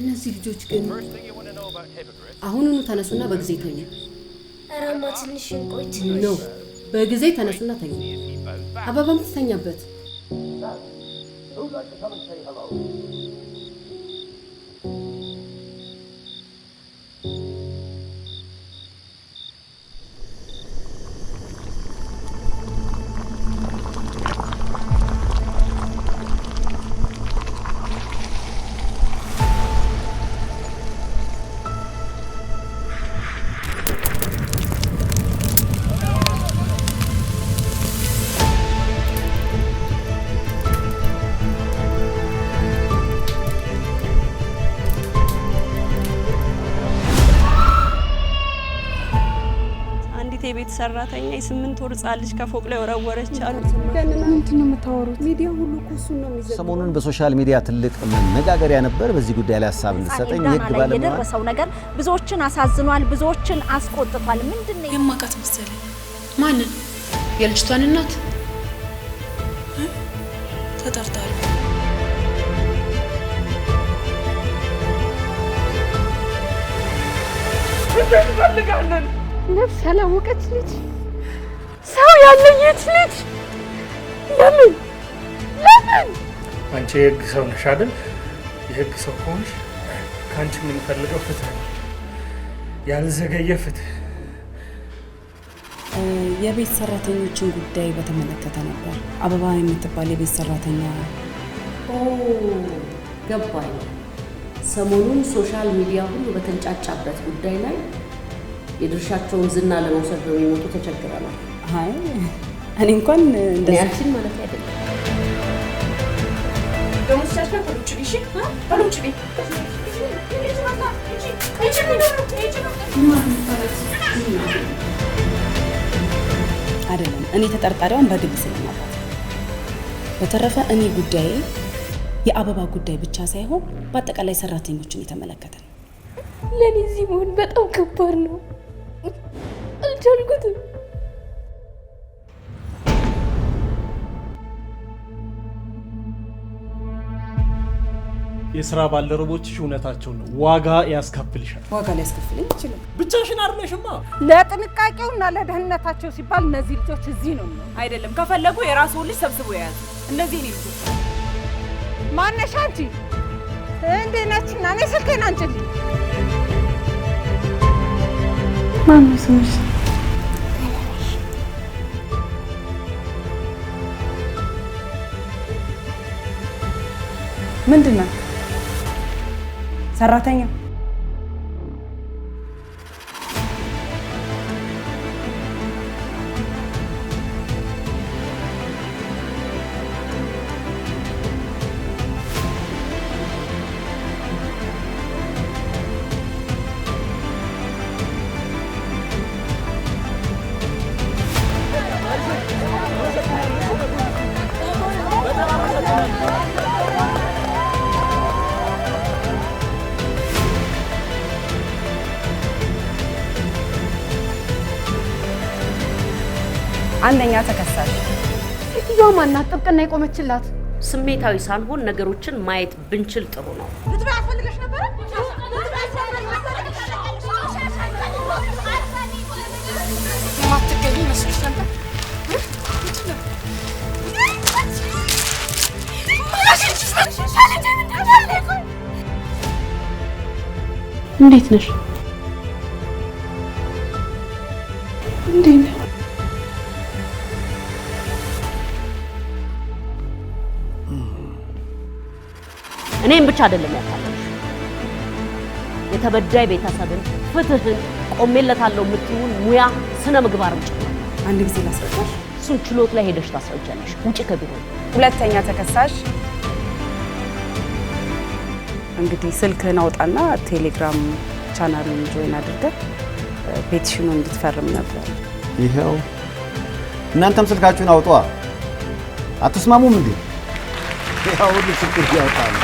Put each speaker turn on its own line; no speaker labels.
እነዚህ ልጆች ግን አሁኑኑ ተነሱና በጊዜ ተኙ። አራማ ትንሽ እንቆይት ነው። በጊዜ ተነሱና ተኙ። አበባም ትተኛበት የቤት ሰራተኛ የስምንት ወር ሕፃን ልጅ ከፎቅ ላይ ወረወረች አሉ።
ምንድን ነው የምታወሩት? ሚዲያ ሁሉ እኮ እሱን ነው የሚዘግበው።
ሰሞኑን በሶሻል ሚዲያ ትልቅ መነጋገሪያ ነበር። በዚህ ጉዳይ ላይ ሀሳብ እንድትሰጠኝ የህግ ባለሙያ የደረሰው
ነገር ብዙዎችን አሳዝኗል፣ ብዙዎችን አስቆጥቷል። ምንድን
ነው የማውቃት መሰለኝ። ማንን? የልጅቷን እናት ተጠርጣሪ
እንፈልጋለን
ነፍስ ያላወቀች ልጅ፣ ሰው ያለየች ልጅ። ለምን ለምን?
አንቺ የህግ ሰው ነሽ አይደል? የህግ ሰው ከሆንሽ ከአንቺ የምንፈልገው ፍትህ፣ ያልዘገየ ፍትህ።
የቤት ሰራተኞችን ጉዳይ በተመለከተ ነበር። አበባ የምትባል የቤት ሰራተኛ
ገባኝ። ሰሞኑን ሶሻል ሚዲያ ሁሉ በተንጫጫበት ጉዳይ ላይ የድርሻቸውን ዝና ለመውሰድ በሚሞቱ የሚመጡ ተቸግረናል።
አይ እኔ እንኳን
እንደያችን ማለት አይደለም። አይደለም እኔ ተጠርጣሪዋን በግል ስለማውቃት። በተረፈ እኔ ጉዳዬ የአበባ ጉዳይ ብቻ ሳይሆን በአጠቃላይ ሰራተኞችን የተመለከተ ነው።
ለእኔ እዚህ መሆን በጣም ከባድ ነው። አልቻልኩትም።
የስራ ባልደረቦችሽ እውነታቸውን ነው፣ ዋጋ ያስከፍልሻል።
ዋጋ ሊያስከፍልኝ ይችላል።
ብቻሽን አርለሽማ።
ለጥንቃቄውና ለደህንነታቸው ሲባል እነዚህ ልጆች እዚህ ነው አይደለም። ከፈለጉ የራስዎን ልጅ ሰብስቦ የያዙ እነዚህ እኔ ልጆች። ማነሻ አንቺ እንዴ ነችና እኔ ስልኬን አንጭልኝ
Mamy ምንድን ነው ሰራተኛ አንደኛ ተከሳሽ
ሴትዮዋ ማናት? ጥብቅና የቆመችላት ስሜታዊ ሳንሆን ነገሮችን ማየት ብንችል ጥሩ ነው።
እንዴት ነሽ? እንዴት ነሽ?
እኔም ብቻ አይደለም ያታለሽ የተበዳይ ቤተሰብን ፍትህን ቆሜለታለሁ የምትይውን ሙያ ስነ ምግባርም ጭምር
አንድ ጊዜ ላስረዳሽ።
እሱን ችሎት ላይ ሄደሽ ታስረጃለሽ። ውጭ ከቢሮ።
ሁለተኛ ተከሳሽ እንግዲህ ስልክህን አውጣና ቴሌግራም ቻናሉን ጆይን አድርገህ ፔቲሽኑ እንድትፈርም ነበር።
ይኸው እናንተም ስልካችሁን አውጧ። አትስማሙም እንዴ? ya o da sıkıntı ya tamam.